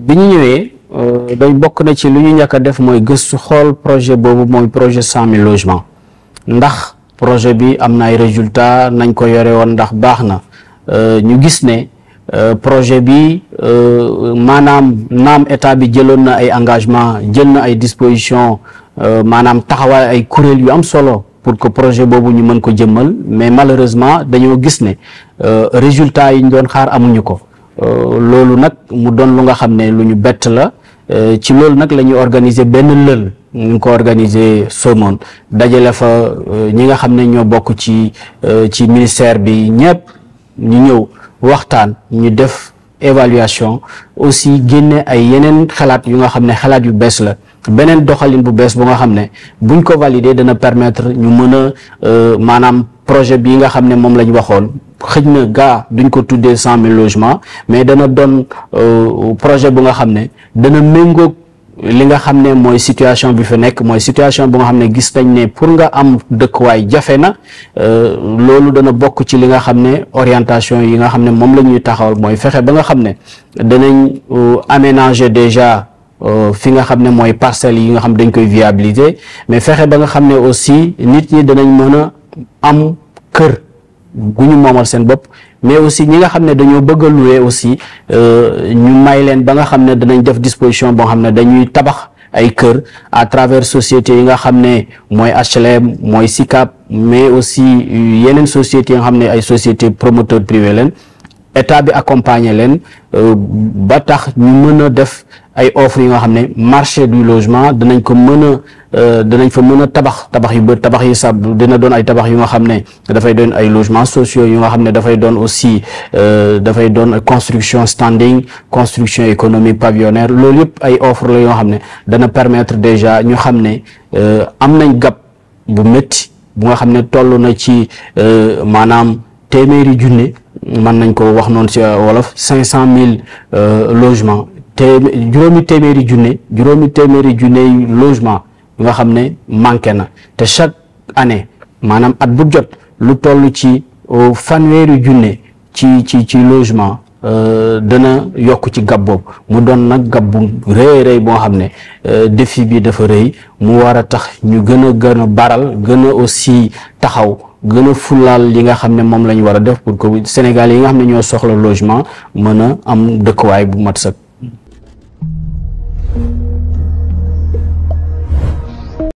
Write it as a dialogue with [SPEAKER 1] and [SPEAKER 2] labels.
[SPEAKER 1] bi ñu ñëwee euh, dañ bokk na ci lu ñu njëkk a def mooy gëstu xool projet boobu mooy projet cent mille logements ndax projet bi am na ay résultats nañ ko yore woon ndax baax na euh, ñu gis ne euh, projet bi maanaam naam état bi jëloon na ay engagement jël na ay dispositions maanaam taxawaay ay kuréel yu am solo pour que projet boobu ñu mën ko jëmmal mais malheureusement dañoo gis ne résultats yi ñu doon xaar amuñu ko Euh, loolu nag mu doon lu nga xam ne lu ñu bett la euh, ci loolu nag la ñuy organiser benn lël ñu ngi ko organiser Somone dajale fa euh, ñi nga xam ne ñoo bokk ci ci ministère bi ñëpp ñu ñëw waxtaan ñu def évaluation aussi génne ay yeneen xalaat yu nga xam ne xalaat yu bees la beneen doxalin bu bees bu nga xam ne buñ ko valider dana permettre ñu mën a maanaam projet bi nga xam ne moom la ñu waxoon xëj na gaa duñ ko tuddee cent mille logements mais dana doon euh, projet bu nga xam ne dana méngoog li nga xam ne mooy situation bi fi nekk mooy situation bu nga xam ne gis nañ ne pour nga am dëkkuwaay jafe na euh, loolu dana bokk ci li nga xam ne orientation yi nga xam ne moom la ñuy taxawal mooy fexe ba nga xam ne danañ euh, aménager déjà fi nga xam ne mooy parcelles yi nga xam dañ koy viabilité mais fexe ba nga xam ne aussi nit ñi danañ mën a am kër gu ñu moomal seen bopp mais aussi ñi nga xam ne dañoo bëgg a louer aussi euh, ñu may leen ba nga xam ne danañ def disposition boo xam ne dañuy tabax ay kër à travers société yi nga xam ne mooy HLM mooy SICAP mais aussi yeneen sociétés yi nga xam ne ay société promoteur privé leen état bi accompagner leen euh, ba tax ñu mën def ay offres yi nga xam ne marché du logement danañ ko mën a euh, danañ fa mën a tabax tabax yu ba tabax yi sab dina doon ay tabax yu nga xam ne dafay doon ay logements sociaux yu nga xam ne dafay doon aussi euh, dafay doon construction standing construction économique pavillonnaire loolu yëpp ay offres la yoo xam ne dana permettre déjà ñu xam ne am nañ gap bu métti bu nga xam ne toll na ci maanaam téeméeri junne mën nañ ko wax noon si wolof cinq cent mille euh, logements te juróomi téeméeri junne juróomi téeméeri junne logement nga xam ne manqué na te chaque année maanaam at bu jot lu toll ci euh, fanweeri junne ci ci ci logement Euh, dana yokk ci gab mu doon nag gàbbu bu rëy rëy boo xam ne euh, défi bi dafa rëy mu war a tax ñu gën a gën a baral gën a aussi taxaw gën a fulaal li nga xam ne moom la ñu war a def pour que Sénégal yi nga xam ne ñoo soxla logement mën a am dëkkuwaay bu mat sag